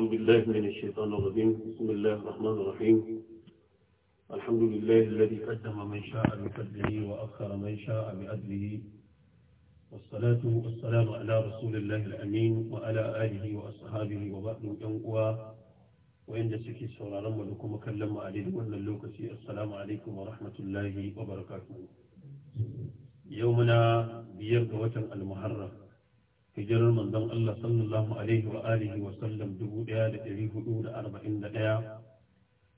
أعوذ بالله من الشيطان الرجيم بسم الله الرحمن الرحيم الحمد لله الذي قدم من شاء بفضله وأخر من شاء بأدله والصلاة والسلام على رسول الله الأمين وعلى آله وأصحابه وبعد ينقوى وإن سكي سورارا ولكم كلم عليه وأن اللوكسي السلام عليكم ورحمة الله وبركاته يومنا بيرد وتن المحرم hijirar manzon Allah sallallahu alaihi wa alihi wa sallam 1441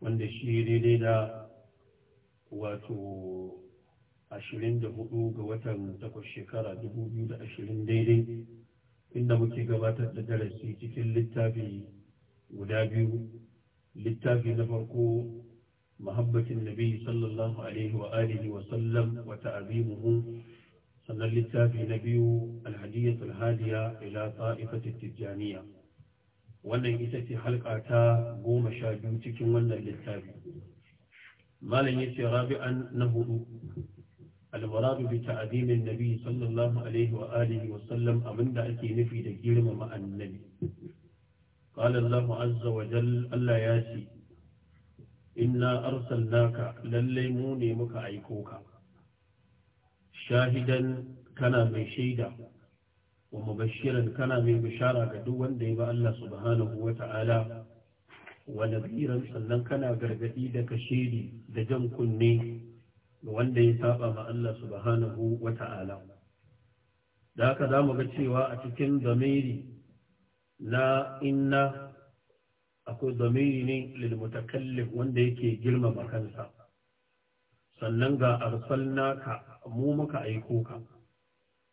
wanda shi daidai da wato 24 ga watan takwas shekara 2020 daidai inda muke gabatar da darasi cikin littafi guda biyu littafi na farko muhabbatin nabi sallallahu alaihi wa alihi wa sallam sannan littafi na biyu alhadiyatul hadiya ila ta'ifatit tijjaniya wannan ita ce halka ta goma sha biyu cikin wannan littafi malam ya ce rabi'an na hudu almuradu bi ta'dimin nabi sallallahu alaihi wa alihi wa sallam abinda ake nufi da girmama annabi قال الله عز وجل naka, lallai mu ne muka aiko ka. shahidan kana mai shaida wa mabashiran kana mai bishara ga duk wanda ya ba Allah subhanahu wa ta'ala wa nabiran sannan kana gargadi da kashiri da jan kunne ga wanda ya saba ma Allah subhanahu wa ta'ala da haka za mu ga cewa a cikin zamiri na inna akwai zamiri ne lilmutakallif wanda yake girmama kansa sannan ga naka. mu muka aiko ka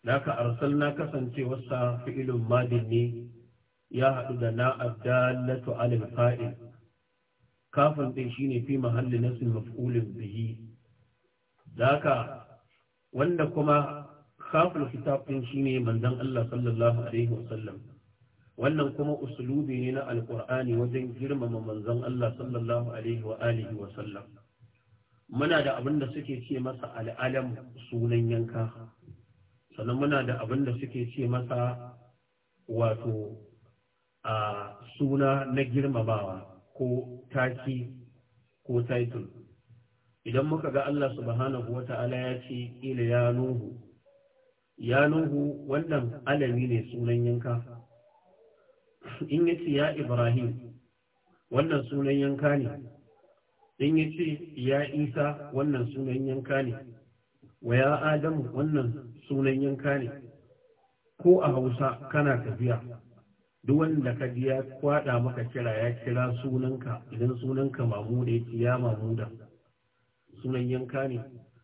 na kasance wasa fi'ilun madin ne ya haɗu da na abdallatu alil fa'il kafin ɗin shine fi mahalli nasin maf'ulin bihi laka wanda kuma kafin kitab ɗin shine manzon Allah sallallahu alaihi wasallam wannan kuma usulubi ne na alqur'ani wajen girmama manzon Allah sallallahu alaihi wa alihi muna da abin da suke ce masa al'alam sunan yanka sannan muna da abin da suke ce masa wato a suna na girmamawa ko taki ko title idan muka ga Allah subhanahu wa ta'ala ya ce ila ya nuhu ya nuhu wannan alami ne sunan yanka in ya ce ya ibrahim wannan sunan yanka ne in ya ce ya isa wannan sunan yanka ne wa ya adamu wannan sunan yanka ne ko a hausa kana tafiya duk wanda ka ji ya kwada maka kira ya kira sunanka idan sunanka mamuda ya ya mamuda sunan yanka ne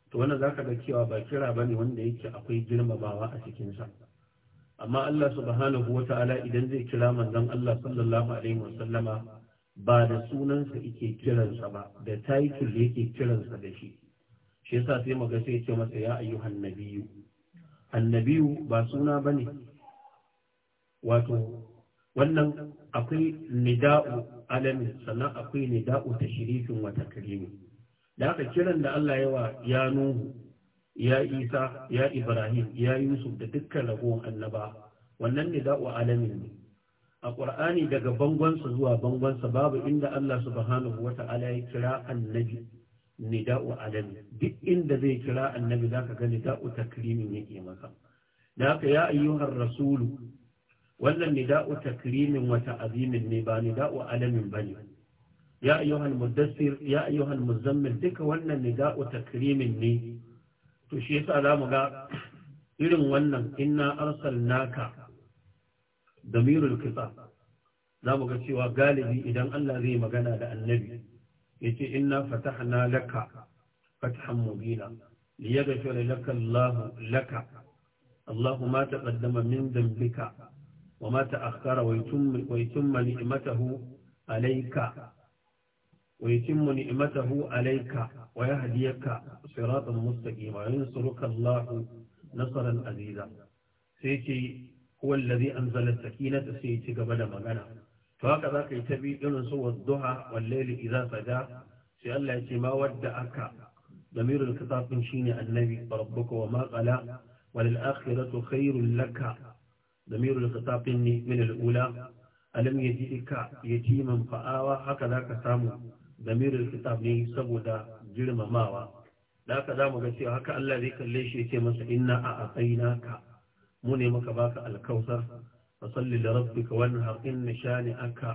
to za ka ga cewa ba kira ba ne wanda yake akwai girmamawa a cikinsa. amma Allah subhanahu ta'ala idan zai kira manzon Allah sallallahu alaihi wasallama ba da sunansa yake kiransa ba da title yake kiransa da shi shi yasa sai maga sai ce masa ya ayyuhan nabiyyu annabiyu ba suna bane wato wannan akwai nida'u alamin, sannan akwai nida'u tashrifin wa takrimi da aka kiran da Allah yawa ya nuhu ya isa ya ibrahim ya yusuf da dukkan ragowar annaba wannan nida'u alamin ne a ƙur'ani daga bangonsa zuwa bangonsa babu inda Allah subhanahu wa ta'ala ya kira annabi nida'u alami duk inda zai kira annabi zaka ga nida'u takrimin yake maka. da haka ya ayyuhar rasulu wannan nida'u takrimin wata ta'zimin ne ba nida'u alamin bane ya ayyuhal muddassir ya ayyuhal muzammil duka wannan nida'u takrimin ne to shi yasa zamu ga irin wannan inna arsalnaka damirul kisa za mu ga cewa galibi idan Allah zai magana da annabi ya ce inna fatahna laka fatahan mubina liyaghfira laka Allah laka Allah ma taqaddama min dhanbika wa ma ta'akhkhara wa wa yutimma ni'matahu alayka wa yutimma ni'matahu alayka wa yahdiyaka siratan mustaqima yansuruka Allah nasran aziza sai ce huwa allazi anzala sakinata sai ya ci gaba da magana to haka za ka yi ta bi irin su wadduha wal layli idza saja sai Allah ya ce ma wadda aka damirul kitabin shine annabi rabbuka wa ma qala wal akhiratu khairul laka damirul kitabin ne min al ula alam yajidka yatiman fa'awa haka za ka samu damirul kitab ne saboda girmamawa da haka za mu ga cewa haka Allah zai kalle shi ya ce masa inna a atsainaka mu ne maka baka alkausar fa salli li rabbika wanhar inna shani'aka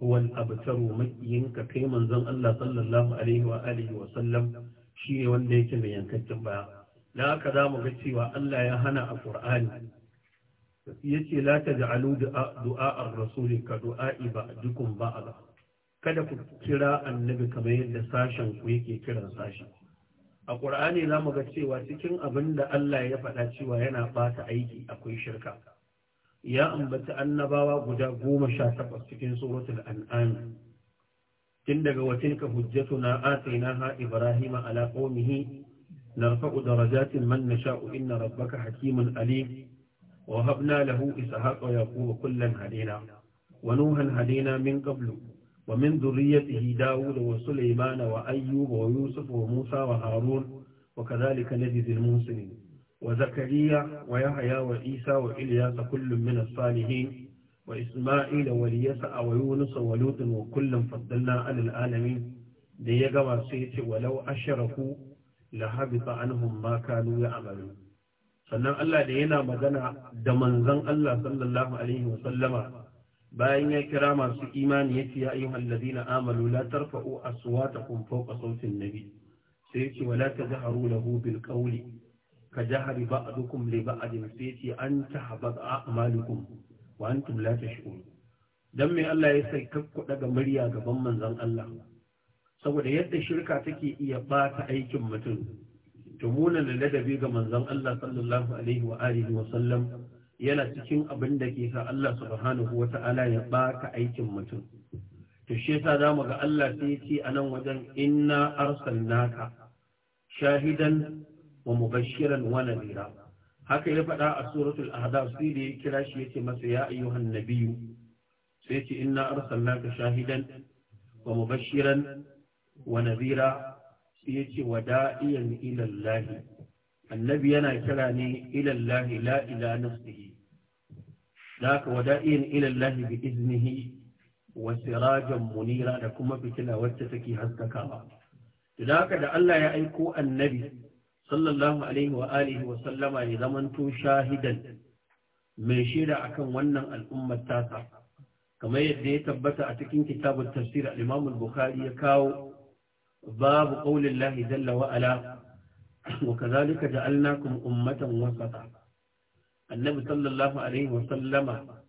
huwa al-abtaru makiyinka kai manzon Allah sallallahu alaihi wa alihi wa sallam shine wanda yake mai yankaccen baya dan za mu ga cewa Allah ya hana a Qur'ani ce la da du'a ar-rasul ka du'a'i ba'dukum ba'da kada ku kira annabi kamar yadda sashen ku yake kiran sashen a ƙur'ani za mu ga cewa cikin abin da Allah ya faɗa cewa yana ɓata aiki akwai shirka ya ambaci annabawa guda goma sha takwas cikin suratul an'am tun daga Hujjatu na hujjatuna ha ibrahima ala qaumihi narfa'u darajatin man nasha'u inna rabbaka hakimun alim wa habna lahu ishaqa wa yaquba kullan hadina wa nuhan hadina min qablu wa min zurriyyatihi Dawud wa Sulaiman wa Ayyub wa Yusuf wa Musa wa Harun wa kadhalika najzi al-muhsinin wa Zakariya wa Yahaya wa Isa wa Ilyas kullun min as-salihin wa Isma'il wa Yasa wa Yunusa wa Lut wa kullun faddalna 'ala alami da ya gama sai ya ce walau asharaku la habita anhum ma kanu ya'malun sannan Allah da yana magana da manzon Allah sallallahu alaihi wa sallama bayan ya kira masu imani ya ce ya ayyuhal ladina amanu la ta aswatakum fawqa sautin nabi sai ya ce ta tajharu da bil qawli ka jahari ba'dukum li ba'din sai ya ce an tahbata a'malukum wa antum la tash'urun dan me Allah ya sai kuɗa ga murya gaban manzon Allah saboda yadda shirka take iya bata aikin mutum to da ladabi ga manzon Allah sallallahu alaihi wa alihi wa sallam yana cikin abin da ke sa Allah subhanahu wa ta'ala ya baka aikin mutum to shi yasa zamu ga Allah sai ya ce nan wajen inna arsalnaka shahidan wa mubashiran wa nadira haka ya faɗa a suratul ahzab sai da ya kira shi yace masa ya ayyuhan nabiyyu sai ce inna arsalnaka shahidan wa mubashiran wa nadira sai ya ce wada'iyan ila Allah annabi yana kira ne ilallahi la ila nafsihi da aka wada'in ilallahi bi iznihi wa sirajan munira da kuma fitila wacce take haskakawa da haka da Allah ya aiko annabi sallallahu alaihi wa alihi ya zamanto shahidan mai shaida akan wannan al'ummar tata kamar yadda ya tabbata a cikin kitabun tafsir al-Imam bukhari ya kawo babu qaulillahi jalla ala wa kazalika ja'alnakum ummatan wasata annabi sallallahu alaihi wa sallama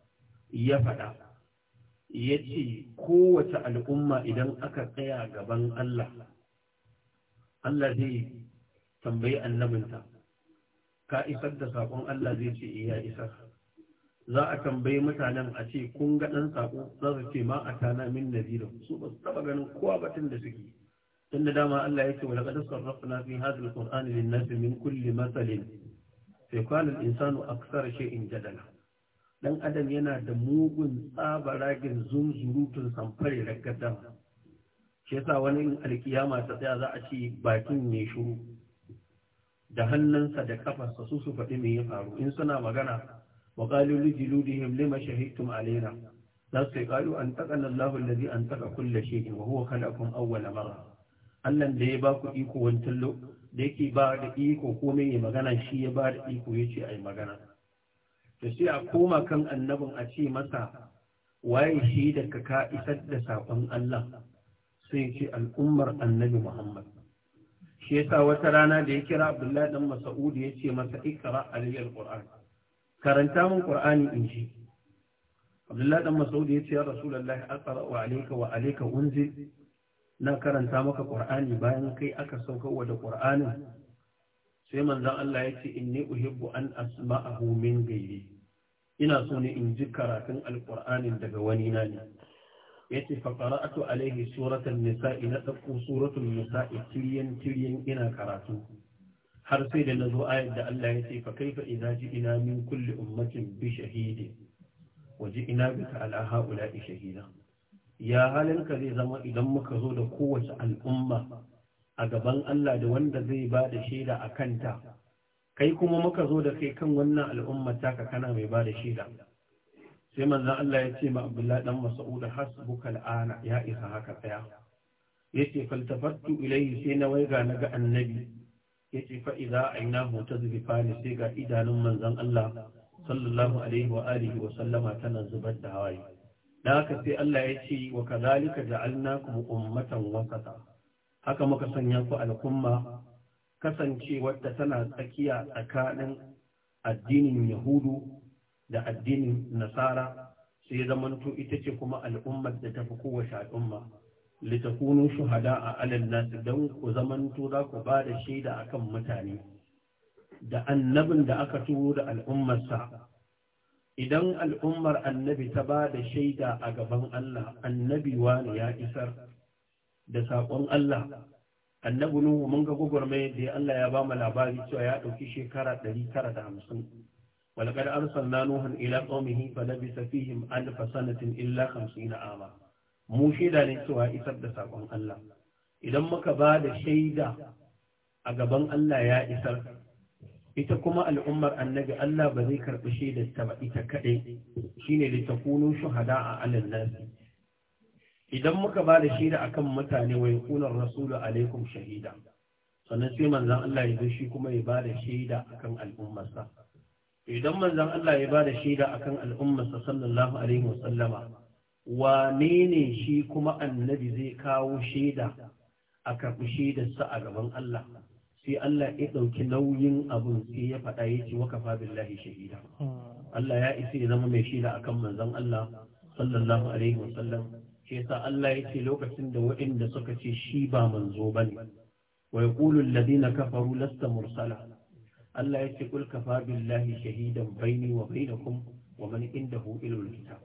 ya faɗa yace kowace al'umma idan aka tsaya gaban Allah Allah zai tambayi annabinta ka isar da sakon Allah zai ce iya eh, isar za a tambayi mutanen a ce kun ga ɗan sako za su ce ma a tana min Naziru su ba su ganin kowa batun da suke tunda dama Allah ce wani qad sarrafna fi hadha al-qur'ani lin-nas min kulli mathalin fa kana al-insanu shi in jadala dan adam yana da mugun tsabaragin zunzurutun samfare ragadan shi yasa wani in alkiyama ta tsaya za a ci bakin ne shuru da hannunsa da kafarsa su su faɗi me ya faru in suna magana wa qalu li juludihim lima shahidtum alaina za su yi qalu an taqana Allahu allazi an taqa kulli shay'in wa huwa khalaqakum awwala marra Allah da ya ba ku iko wancan lo da yake ba da iko komai ya magana shi ya ba da iko ya ce a yi magana to sai a koma kan annabin a ce masa waye shi da ka ka isar da saƙon Allah sai ce al'ummar annabi Muhammad shi yasa wata rana da ya kira Abdullahi dan ya ce masa ikra aliyal Qur'an karanta min Qur'ani in ji Abdullahi dan Mas'ud ya ce ya Rasulullahi aqra wa alayka wa alayka unzil na karanta maka ƙur'ani bayan kai aka wa da ƙur'anin sai manzan Allah ya ce inni uhibbu an a min gairi ina so ne in ji karatun alƙur'anin daga wani na ne ya ce faƙara'atu alaihi suratun nisa'i na ɗauko suratul nisa'i tiriyan tiriyan ina karatu har sai da na zo ayar da Allah ya ce fa kaifa ji ina min kulli ummatin bi shahidi ina ji'ina bika alaha ulai shahida ya halinka zai zama idan muka zo da kowace al'umma a gaban Allah da wanda zai ba da shaida a kanta kai kuma muka zo da kai kan wannan al'ummar taka kana mai ba da shaida sai manzon Allah ya ce ma Abdullah dan Mas'ud hasbuka al'ana ya isa haka tsaya yace faltafattu ilayhi sai na waiga na ga annabi yace fa idza ainahu tazbifani sai ga idanun manzon Allah sallallahu alaihi wa alihi wa sallama tana zubar da hawaye da haka sai Allah ya ce wa kazalika ja'alnakum ummatan wasata haka muka sanya ku al'umma kasancewarta tana tsakiya tsakanin addinin yahudu da addinin nasara sai zamanto ita ce kuma al'ummar da tafi kowace al'umma litakunu shuhada a alal nas dan ku zamanto za ku ba da shaida akan mutane da annabin da aka turo da al'ummarsa idan al'ummar annabi ta ba da shaida a gaban Allah annabi wani ya isar da saƙon Allah annabi Nuhu mun ga gugurme da Allah ya ba mu labari cewa ya ɗauki shekara ɗari tara da hamsin walƙar arsalna nuhan ila qaumihi fa labisa fihim alf sanatin illa na ama mu shaida ne cewa isar da saƙon Allah idan muka ba da shaida a gaban Allah ya isar ita kuma al'ummar annabi Allah ba zai karɓi shaidar ta ba ita kaɗai shine da takunu shuhada a alal nasi idan muka ba da shaida akan mutane wa yakunar rasulu alaikum shahida sannan sai manzon Allah ya zo shi kuma ya ba da shaida akan al'ummarsa idan manzon Allah ya ba da shaida akan al'ummarsa sallallahu alaihi wasallama wane ne shi kuma annabi zai kawo shaida a karɓi shaidarsa a gaban Allah sai Allah ya ɗauki nauyin abun sai ya faɗa ya ce waka kafa billahi shahida Allah ya isa ya zama mai shida akan manzon Allah sallallahu alaihi yasa Allah ya ce lokacin da waɗanda suka ce shi ba manzo bane wa yaqulu alladhina kafaru lasta mursala Allah ya ce kul kafa billahi shahidan baini wa bainakum wa man indahu ilmul kitab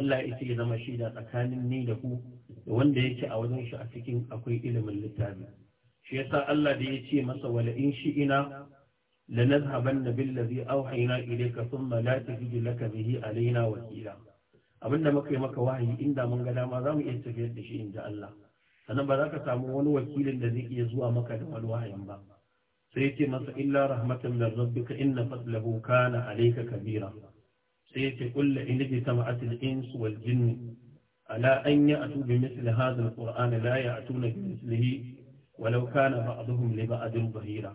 Allah ya isa ya zama shida tsakanin ni da ku da wanda yake a wajen shi a cikin akwai ilimin littafi shi yasa Allah da ya ce masa wala in shi'ina lanazhabanna billazi awhayna ilayka thumma la tajidu laka bihi alaina wakila abinda muka yi maka wahayi inda mun ga dama zamu iya tafiyar da shi inda Allah sannan ba za ka samu wani wakilin da zai iya zuwa maka da wani wahayin ba sai ce masa illa rahmatan min rabbika inna fadlahu kana alayka kabira sai yace qul in jama'at al-ins wal jinn ala an ya'tu bi mithli hadha al-qur'an la ya'tuna bi mithlihi walau kana ba'dhum li ba'dhin bahira.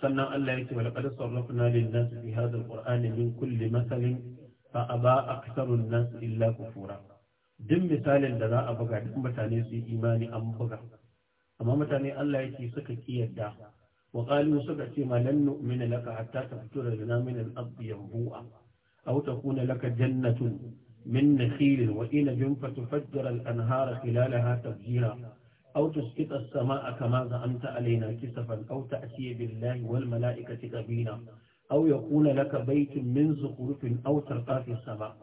sannan Allah ce, wa laqad sarrafna lin nas fi hadha alqur'ani min kulli masalin fa aba aktharun nas illa kufura duk misalin da za a buga duk mutane su yi imani an buga amma mutane Allah yake suka kiyarda wa qalu suka ce ma lan nu'mina laka hatta taftura lana min al-ardi yanbu'a aw takuna laka jannatun min nakhilin wa inabin fatufajjara al-anhara khilalaha tafjira أو تسقط السماء كما زعمت علينا كسفا أو تأتي بالله والملائكة قبيلا أو يكون لك بيت من زخرف أو ترقى في السماء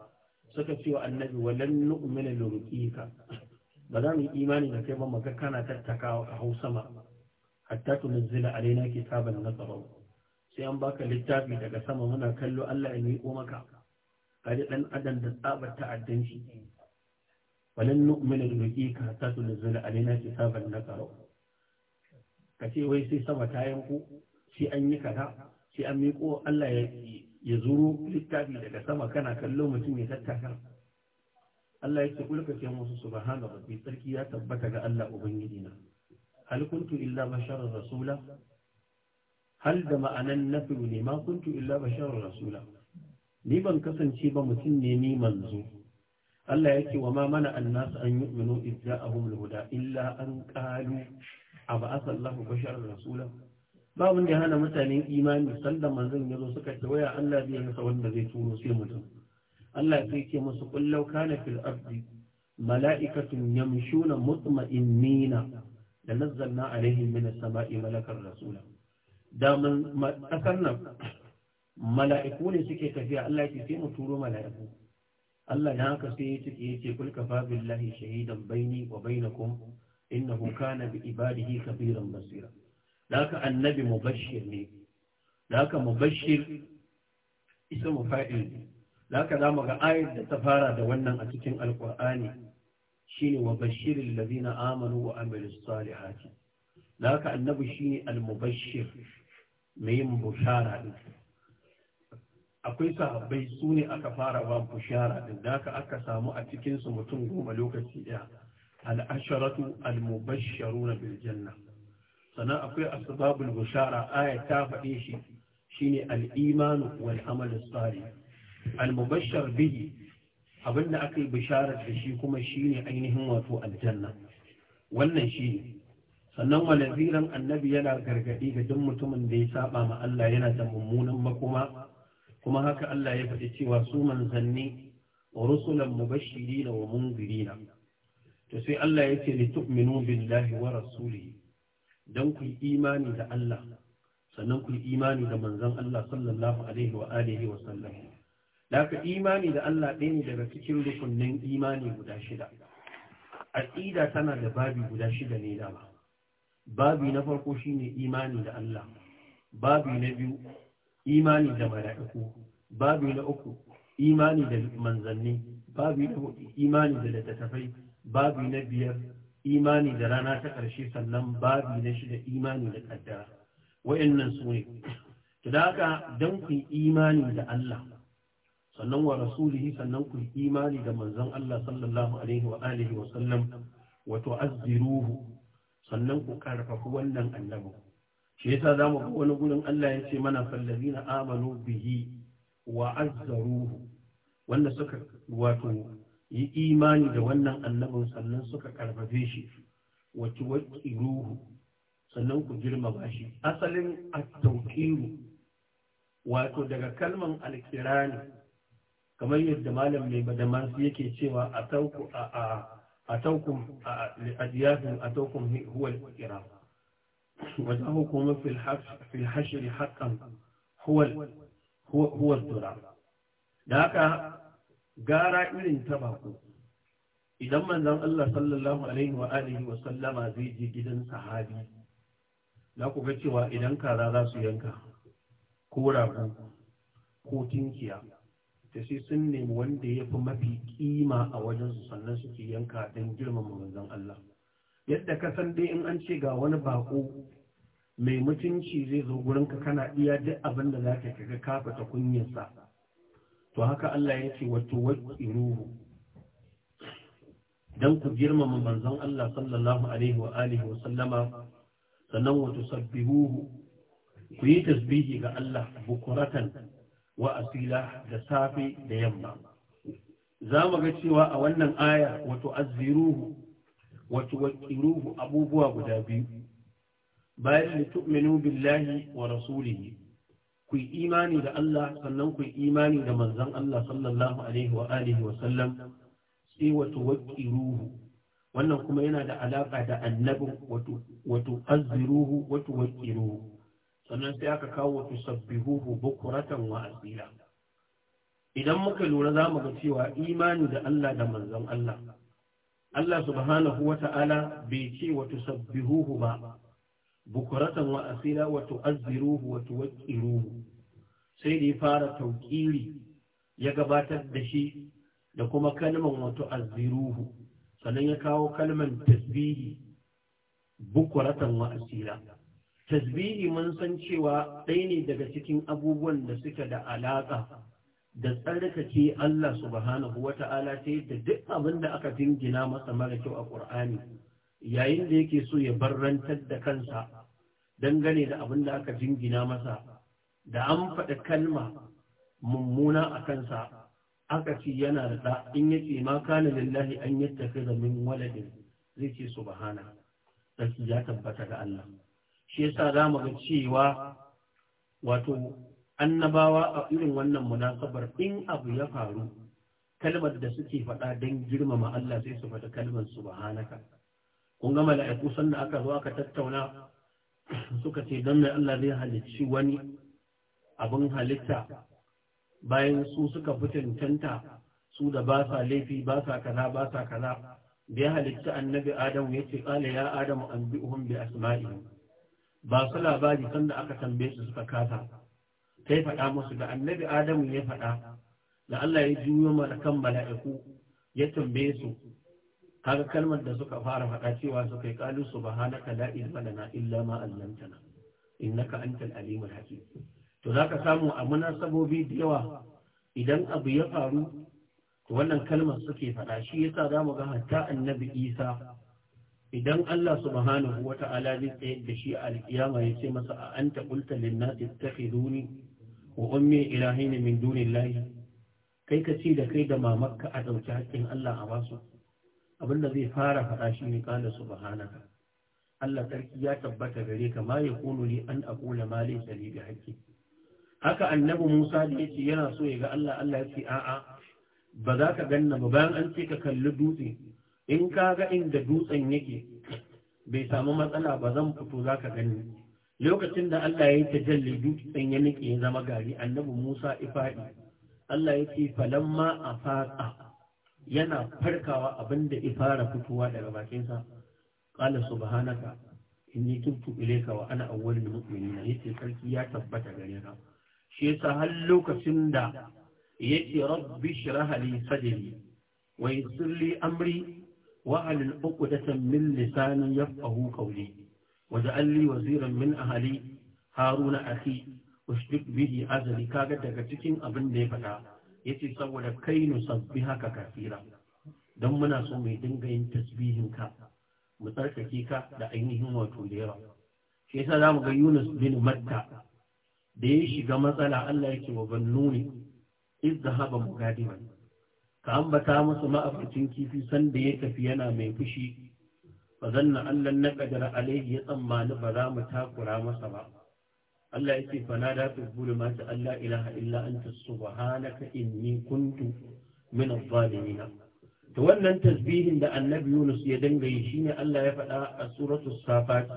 سكت سوى النبي ولن نؤمن لرقيك بدام إيماني لك يوم كان تتكا أو سماء حتى تنزل علينا كتابا نقرأه سيان باك للتابي لك سما منا كلو ألا أن يؤمك قال أن أدن تتابع تعدنشي falan nu'mina lurqika hatta tunzila alaina kitaban Ka kace wai sai sama ta yanku sai an yi kaza sai an miko Allah ya ya zuro littafi daga sama kana kallo mutum ya tattaka Allah ya ce kulka ce musu subhana rabbi sarki ya tabbata ga Allah ubangiji na hal kuntu illa basharar rasula hal da ma'anan nafi ne ma kuntu illa basharar rasula ni ban kasance ba mutum ne ni manzo Allah yake wa ma mana annasu an yi idh ja'ahum al guda, illa an qalu ab'atha Allahu basharan rasula ba mun da hana mutanen imani sallan manzon yazo suka ce waya Allah zai rasa wanda zai turo sai mutum Allah sai yake musu qul law kana fil ardi mala'ikatun yamshuna mutma'innina da nazzalna alaihim min as-sama'i malakan rasula da mun kasar nan mala'iku ne suke tafiya Allah ya ce sai mu turo mala'iku Allah ya haka sai ya cike yace kul kafa billahi shahidan baini wa bainakum innahu kana bi ibadihi kabiran basira laka annabi mubashshir ne laka mubashshir ismu fa'il ne laka zamu ga ayat da ta fara da wannan a cikin alqur'ani shine wa bashiril ladina amanu wa amilus salihati laka annabi shine al-mubashshir mai yin bushara din akwai sahabbai su ne aka fara ba bushara din da aka aka samu a cikinsu mutum goma lokaci ɗaya al-asharatu al-mubashsharuna bil janna sannan akwai asbabul bushara aya ta faɗe shi shine al'imanu wal amal salih al bihi abinda aka yi bisharar da shi kuma shine ainihin wato aljanna wannan ne. sannan walaziran annabi yana gargadi ga duk mutumin da ya saba ma Allah yana da mummunan makoma kuma haka Allah ya faɗi cewa su manzanni rusulan mubashirina wa munzirina to sai Allah ya ce li tu'minu billahi wa rasulihi dan ku imani da Allah sannan ku imani da manzon Allah sallallahu alaihi wa alihi wa sallam daga imani da Allah ɗaya daga cikin rukunnin imani guda shida aqida tana da babi guda shida ne dama babi na farko shine imani da Allah babi na biyu imani da mala'iku babu na uku imani da manzanni babu na hudu imani da littattafai babu na biyar imani da rana ta ƙarshe sannan babu na shida imani da kaddara wa'annan su ne to da haka don ku imani da Allah sannan wa rasulihi sannan ku imani da manzon Allah sallallahu alaihi wa alihi wa sallam sannan ku karfafu wannan annabi shi yasa za mu ga wani gurin Allah ya ce mana na amanu bihi wa azzaruhu wanda suka wato yi imani da wannan annabin sannan suka karfafe shi wa ruhu, sannan ku girmama shi asalin at-tawqiru wato daga kalman al kamar yadda malam mai badamasu yake cewa a tauku a a ataukum a huwa وزعمكم في الحشر حقا هو هو هو الدرع da haka gara irin ta bako idan manzon Allah sallallahu alaihi wa alihi wa sallama zai je gidan sahabi za ku ga cewa idan kaza za su yanka ko rago ko tinkiya da sai sun nemi wanda ya fi mafi kima a wajen su sannan suke yanka don girmama manzon Allah yadda ka san dai in an ce ga wani bako mai mutunci zai zo ka kana iya duk abin da za ka kaga kafa ta kunyarsa to haka Allah ya ce wato wa'iruhu dan ku girmama manzon Allah sallallahu alaihi wa alihi wa sallama sannan wato sabbihuhu ku yi tasbihi ga Allah bukuratan wa asila da safe da yamma za mu ga cewa a wannan aya wato azziruhu wato wakiruhu abubuwa guda biyu bayan da tu'minu billahi wa rasulihi ku imani da Allah sannan ku imani da manzon Allah sallallahu alaihi wa alihi wa sallam sai wato wakiruhu wannan kuma yana da alaka da annabin wato wato azziruhu wato wakiruhu sannan sai aka kawo wato sabbihuhu bukuratan wa asila idan muka lura zamu ga cewa imani da Allah da manzon Allah Allah subhanahu wa ta'ala bai ce wa tusabbihuhu ba bukuratan wa asila wa tu'azziruhu wa tuwaqqiruhu sai da ya fara tauƙiri ya gabatar da shi da kuma kalman wa tu'azziruhu sannan ya kawo kalman tasbihi bukuratan wa asila tasbihi mun san cewa ɗaya ne daga cikin abubuwan da suke da alaƙa da tsarkake Allah subhanahu wa ta'ala ta yadda duk abin da aka jingina masa mara kyau a ƙur'ani yayin da yake so ya barrantar da kansa dangane da abin da aka jingina masa da an faɗi kalma mummuna a kansa aka ci yana da ɗa in ya ce ma kana lillahi an tafi da min waladin zai ce subhana sarki ya tabbata ga Allah shi yasa za mu ga cewa wato annabawa a irin wannan munasabar in abu ya faru kalmar da suke faɗa don girmama Allah sai su faɗa kalmar subhanaka kun ga mala'iku sanda aka zo aka tattauna suka ce don mai Allah zai halicci wani abin halitta bayan su suka fitintanta su da ba sa laifi ba sa kaza ba sa kaza bai halitta annabi Adam ya ce kala ya Adam an bi bi asma'ihim ba su labari sanda aka tambaye su suka kasa ta yi faɗa musu da annabi adamu ya faɗa da Allah ya juyo malakan mala'iku ya tambaye su kaga kalmar da suka fara faɗa cewa suka yi kalu ba la da lana illa ma 'allamtana innaka antal alimul hakim to zaka samu a munasabobi da yawa idan abu ya faru to wannan kalmar suke faɗa shi yasa zamu ga hatta annabi Isa idan Allah subhanahu wata'ala zai tsayar da shi a alkiyama ya ce masa a anta qulta lin nasi ittakhiduni wa ummi ne min dunillahi kai ka ci da kai da mamakka a dauki hakkin Allah a basu abinda zai fara haɗa shi ne kana subhanaka Allah sarki ya tabbata gare ka ma yakunu li an aqula ma laysa li bi haqqi haka annabi Musa da yake yana so ya ga Allah Allah ya ce a'a ba za ka ganna ba bayan an ce ka kalli dutse in ka ga inda dutsen yake bai samu matsala ba zan fito za ka gani lokacin da Allah ya yi tajalli dutsen ya nike ya zama gari annabi Musa ifa'i Allah ya ce falamma a yana farkawa abinda ifara fitowa daga bakinsa qala subhanaka inni tubtu ilayka wa ana awwalul mu'minin yace sarki ya tabbata gare ka shi yasa har lokacin da yace rabbi shrah li sadri wa yassir li amri wa halil uqdatan min lisani yafqahu qawli waj'al li waziran min ahli haruna akhi ushdud bihi azri kaga daga cikin abin da ya faɗa yace saboda kai haka kafira dan muna so mu dinga yin tasbihin ka mu tsarkake ka da ainihin wato lewa shi yasa zamu ga Yunus bin Matta da ya shiga matsala Allah yake wa bannuni iz zahaba mugadiman ka ambata musu ma'abucin kifi sanda ya tafi yana mai fushi fa zanna na kadara alaihi ya tsammani ba za mu takura masa ba Allah yake fanada fi zulumati Allah ilaha illa anta subhanaka inni kuntu min adh-dhalimin to wannan tasbihin da annabi Yunus ya danga yi shine Allah ya faɗa a suratul safat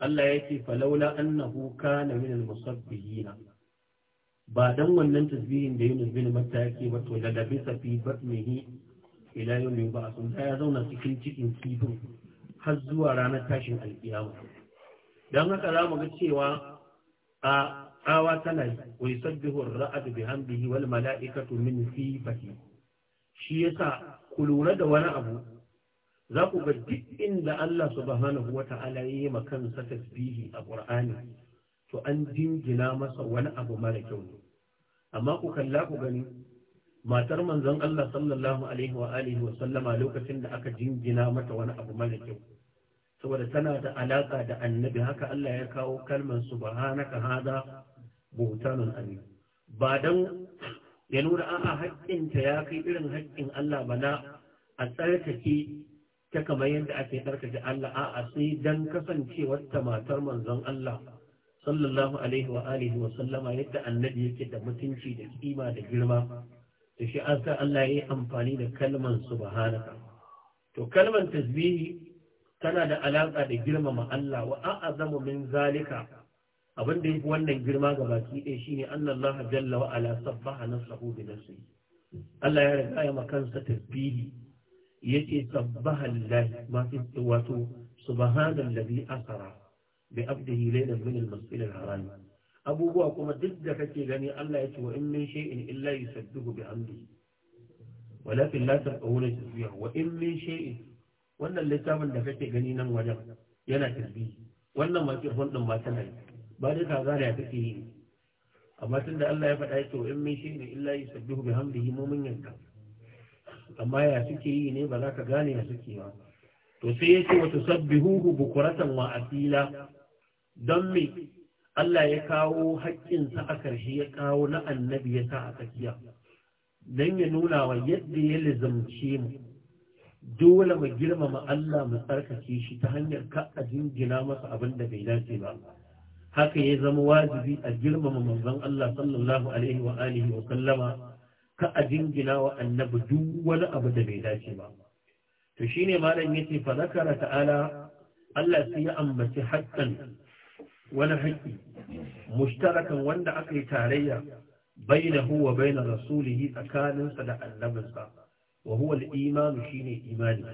Allah yake falaula annahu kana min al-musabbihin ba dan wannan tasbihin da Yunus bin Matta yake ba to da bisa fi batnihi ila yawmin ba'sun ya zauna cikin cikin kifin har zuwa ranar tashin alkiyama don haka za mu ga cewa a tsawa tana yi wa yusabbihu ar-ra'd bihamdihi wal mala'ikatu min sifati shi yasa ku lura da wani abu za ku ga duk inda Allah subhanahu wa ta'ala ya yi makansa tasbihi a Qur'ani to an jingina masa wani abu mara kyau ne amma ku kalla ku gani matar manzon Allah sallallahu alaihi wa alihi wa sallama lokacin da aka jingina mata wani abu mara kyau saboda tana da alaka da annabi haka Allah ya kawo kalmar subhanaka hada buhtanun amin ba dan ya nuna a'a haƙƙin ta ya kai irin haƙƙin Allah ba na a tsarkake ta kamar yadda ake tsarkake Allah a'a sai dan kasancewar ta matar manzon Allah sallallahu alaihi wa alihi wa sallama yadda annabi yake da mutunci da kima da girma da shi an sa Allah ya yi amfani da kalman subhanaka to kalman tasbihi tana da alaƙa da girmama Allah wa a'azamu min zalika abin da yafi wannan girma ga baki ɗaya shine annan jalla wa ala sabbaha nafsahu bi nafsihi Allah ya riga ya makansa tasbihi yace sabbaha lillahi ma fi wato subhanallazi asara bi abdihi laylan min al-masjid al-haram abubuwa kuma duk da kake gani Allah ya ce wa in min shay'in illa yusabbihu bihamdi walakin la tafqahuna tasbihu wa in min shay'in wannan littafin da kake gani nan wajen yana tasbihi wannan ma kirfon din ma tana yi ba da ka zara ya kake yi amma tun da Allah ya faɗa ya ce wa in min shay'in illa yusabbihu bihamdihi mu mun yanka amma ya suke yi ne ba za ka gane ya suke ba to sai ya ce wa tusabbihuhu bukuratan wa asila don me Allah ya kawo haƙƙinsa a ƙarshe ya kawo na annabi ya sa a tsakiya don ya nuna wa yadda ya lizamce mu dole mu girmama Allah mu tsarkake shi ta hanyar ka a jingina masa abin da bai dace ba haka ya zama wajibi a girmama manzon Allah sallallahu alaihi wa alihi wa sallama ka a jingina wa annabi duk wani abu da bai dace ba to shine malam yace fa zakara ta'ala Allah sai ya ambaci haƙƙan wani haƙƙi mushtarakan wanda aka yi tarayya bainahu wa bain rasulihi tsakaninsa da annabinsa wa huwa al-iman shine imani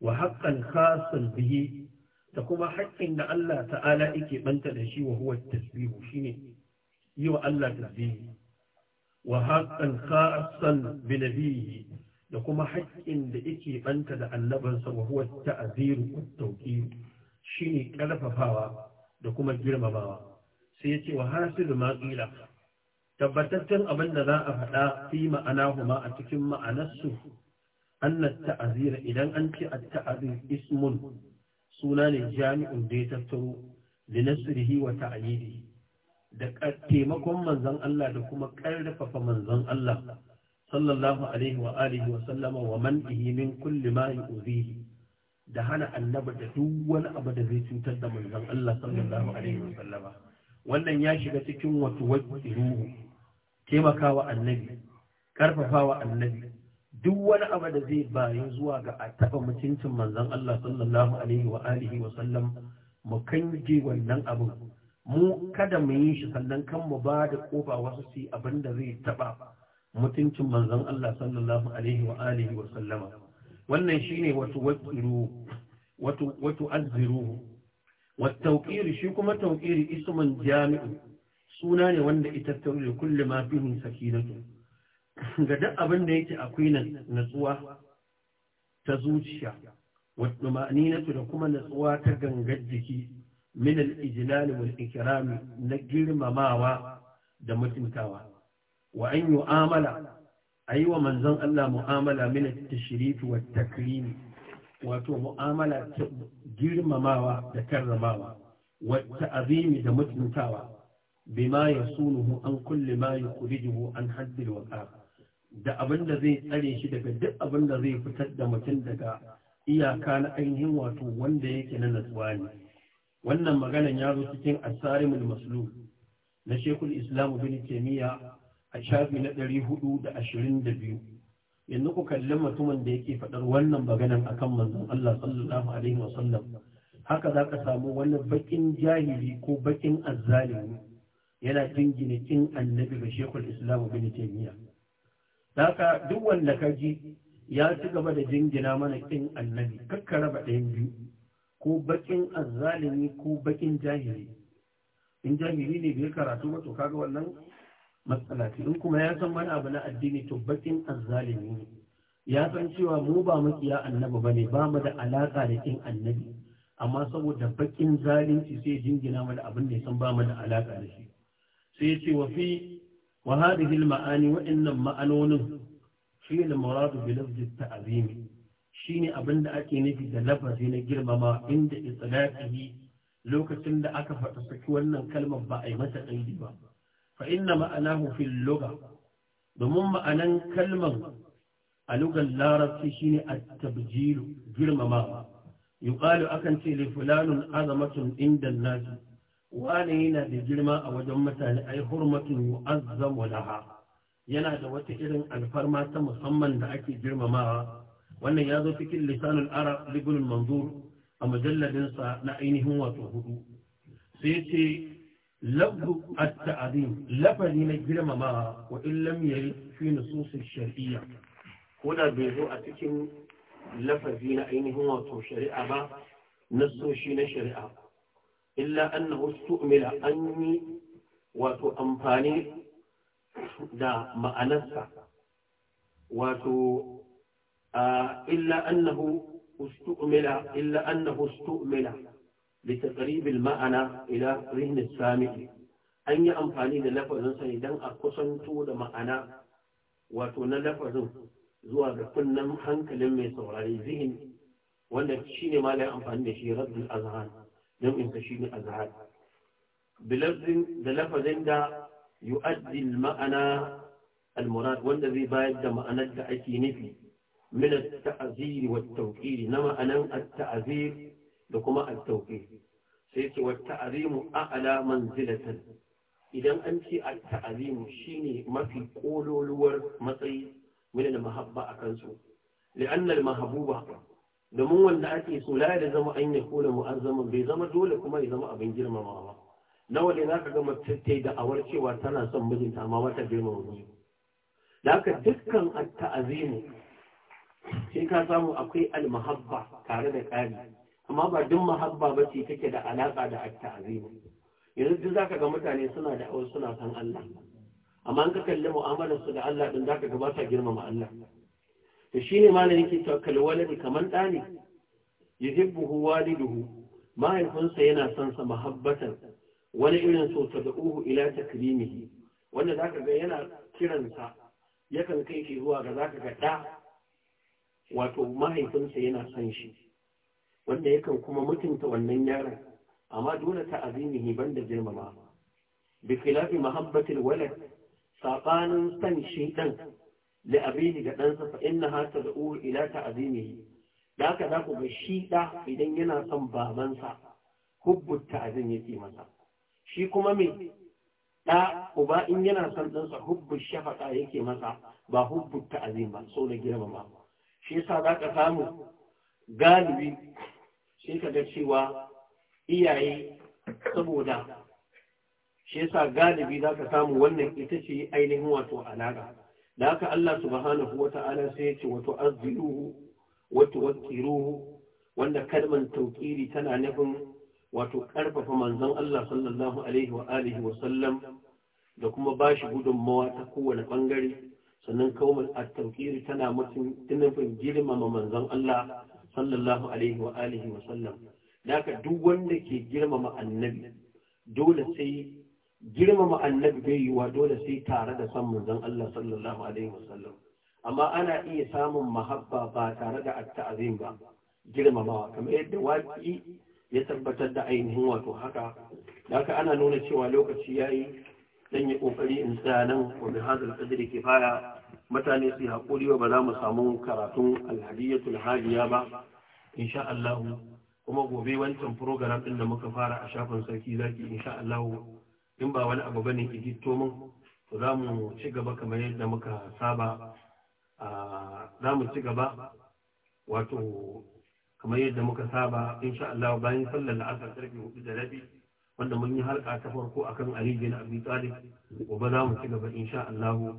wa haƙƙan khasan bihi da kuma haƙƙin da Allah ta'ala yake ɓanta da shi wa huwa tasbihu shine yi wa Allah tasbihi wa haƙƙan khasan bi da kuma haƙƙin da yake banta da annabinsa wa huwa ta'ziru wa shine ƙarfafawa. da kuma girmamawa sai ya ce wa hasilu ma qila abin da za a faɗa fi ma'ana huma a cikin ma'anarsu anna ta'azira idan an ce at-ta'azir ismun suna ne Jami'in da ya tattaro da nasrihi wa ta'ayidi da taimakon manzon Allah da kuma karfafa manzon Allah sallallahu alaihi wa alihi wa sallama wa man min kulli ma yu'zihi da hana annabi da duk wani abu da zai cutar da manzon Allah sallallahu alaihi wasallama wannan ya shiga cikin wato wajiruhu taimakawa annabi karfafawa annabi duk wani abu da zai bayan zuwa ga a taba mutuncin manzon Allah sallallahu alaihi wa alihi wa sallam mu kange wannan abin mu kada mu yi shi sannan kan mu ba da kofa wasu su yi abin da zai taba mutuncin manzon Allah sallallahu alaihi wa alihi wa sallama wannan shine wato wasiru wato wato azziru والتوقير shi kuma توقير اسم jami'u suna ne wanda ita tauri kullu ma fihi sakinatu ga duk abin da yake akwai nan natsuwa ta zuciya wadda ma'aninatu da kuma natsuwa ta gangar jiki min al-ijlal wal ikram na girmamawa da mutuntawa wa an yu'amala a yi wa manzon Allah mu'amala min shirifi wa takrimi wato mu'amala ta girmamawa da karramawa wata azimi da mutuntawa bima sunuhu an kulle ma yukhrijuhu an haddil waqaf da abinda zai tsare shi daga duk abinda zai fitar da mutum daga iyaka na ainihin wato wanda yake na natsuwa ne wannan maganan ya zo cikin asarimul maslul na shekul Islamu bin taimiyya a shafi na ɗari hudu da ashirin da biyu yanzu ku kalli mutumin da yake faɗar wannan maganan akan manzon Allah sallallahu alaihi wasallam haka za ka samu wani bakin jahili ko bakin azzalimi yana jingina kin annabi ga shekul islam bin taymiya haka duk wanda ka ji ya ci gaba da jingina mana kin annabi kakka raba ɗayan biyu ko bakin azzalimi ko bakin jahili in jahili ne bai karatu ba to kaga wannan matsala ce in kuma ya san wani abu na addini to bakin azzalimi ne ya san cewa mu ba makiya annabi bane ba mu da alaka da kin annabi amma saboda bakin zalunci sai jingina mu da abin da ya san ba mu da alaka da shi sai ya ce wa fi wa hadhihi al-ma'ani wa innam ma'anonin shi ne muradu bi lafzi ta'zimi shine abin da ake nufi da lafazi na girmama inda islahihi lokacin da aka faɗa saki wannan kalmar ba a yi mata ɗan ba fa inna ma'anahu fil lugha domin ma'anan kalman a lugar larabci shine at-tabjilu girmamawa yuqalu akan ce li fulanun azamatun inda nasi wani yana da girma a wajen mutane ai hurmatun yu'azzamu laha yana da wata irin alfarma ta musamman da ake girmamawa wannan ya zo cikin lisanul arab libul manzur a mujalladinsa na ainihin wato hudu sai ce لفظ التعظيم لفظي نجرم ما وإن لم يرد في نصوص الشرعية هنا بيزو أتكن لفظي نعينه وطو شريعة ما نصوشين شريعة إلا أنه استؤمل أني وطو أمفاني دا ما أنسى وطو آه إلا أنه استؤمل إلا أنه استؤمل لتقريب المعنى إلى da السامع أن يأمفاني a سيدان أقصن طول معنى وتنا لفظ zuwa ga kunnen hankalin mai saurari zihin wanda shi ne amfani da shi rabin azhar don insa shi ne azhar bilafin da lafazin da yu'addi ma'ana almurad wanda zai bayar da ma'anar da ake nufi min at-ta'zir na ma'anan at da kuma at sai ce wata azimu a'la manzilatan idan an ce shine mafi kololuwar matsayi min al-mahabba akan li'anna al-mahbuba domin wanda ake so la da zama an yakuna mu'azzaman bai zama dole kuma ya zama abin girmamawa nawa ne zaka ga mace ta da awar cewa tana son mijinta amma wata girmama ne. da dukkan at sai ka samu akwai al-mahabba tare da ƙari amma ba duk mahabba ba ce take da alaƙa da at yanzu duk zaka ga mutane suna da aure suna san Allah amma an ka kalli mu'amalar su da Allah din zaka ga ba ta girmama Allah to shine malamin yake cewa kal waladi kaman dani yuhibbu waliduhu mahaifinsa yana son sa mahabbatan wani irin so ta da'uhu ila takrimihi wanda zaka ga yana kiransa yakan kai shi zuwa ga zaka ga da wato mahaifinsa yana son shi wanda yakan kuma mutunta wannan yaron amma dole ta azimihi banda girmama bi khilafi mahabbatil walad sabanin san shi dan li abini ga ɗansa fa da tad'u ila ta'zimihi da haka za ku ga shi ɗa idan yana son babansa hubbu ta'zim yake masa shi kuma me ɗa uba in yana son ɗansa hubbu shafaqa yake masa ba hubbu ta'zim ba so da girmama shi yasa za ka samu galibi sai ka ga cewa iyaye saboda shi yasa galibi za ka samu wannan ita ce ainihin wato alaƙa da haka Allah subhanahu wa ta'ala sai ya ce wato azziruhu wato wakiruhu wanda kalman tauƙiri tana nufin wato ƙarfafa manzon Allah sallallahu alaihi wa alihi wa sallam da kuma ba shi gudunmawa ta kowane ɓangare sannan kawai a tana mutum nufin girmama manzon Allah sallallahu alaihi wa alihi wa sallam daga duk wanda ke girmama annabi dole sai girmama annabi bai wa dole sai tare da san manzon Allah sallallahu alaihi wa sallam amma ana iya samun mahabba ba tare da at-ta'zim ba girmamawa kamar yadda waki ya tabbatar da ainihin wato haka daga ana nuna cewa lokaci yayi dan yi kokari in tsaya nan wa bi hadal qadri kifaya mutane su haƙuri ba za mu samu karatun alhadiyatul hajiya ba insha Allah kuma gobe wancan program ɗin da muka fara a shafin sarki zaki insha Allah in ba wani abu bane ki gitto mun za mu ci gaba kamar yadda muka saba za mu ci gaba wato kamar yadda muka saba insha Allah bayan sallar la'asar karfe hudu da rabi wanda mun yi halka ta farko akan Ali bin Abi Talib gobe za mu ci gaba insha Allah